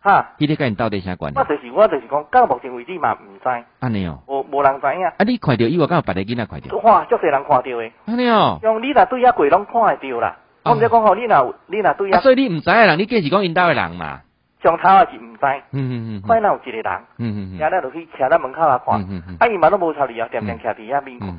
哈，伊咧跟伊到底啥關？我就是我就是講，到目前為止嘛，唔知。安尼哦，哦，無人知影。啊，你看到以外，甲白底機那看到？哇，足多人看到的。安尼哦，像你那對遐過攏看會到啦。我唔知講何，你那，你那對遐。所以你唔知啊，你堅持講遇到的人嘛。上頭也是唔知，嗯嗯嗯，反正有一個人，嗯嗯嗯，然後落去徛在門口啊看，嗯嗯嗯，啊伊嘛都無插理啊，掂掂徛佇遐邊。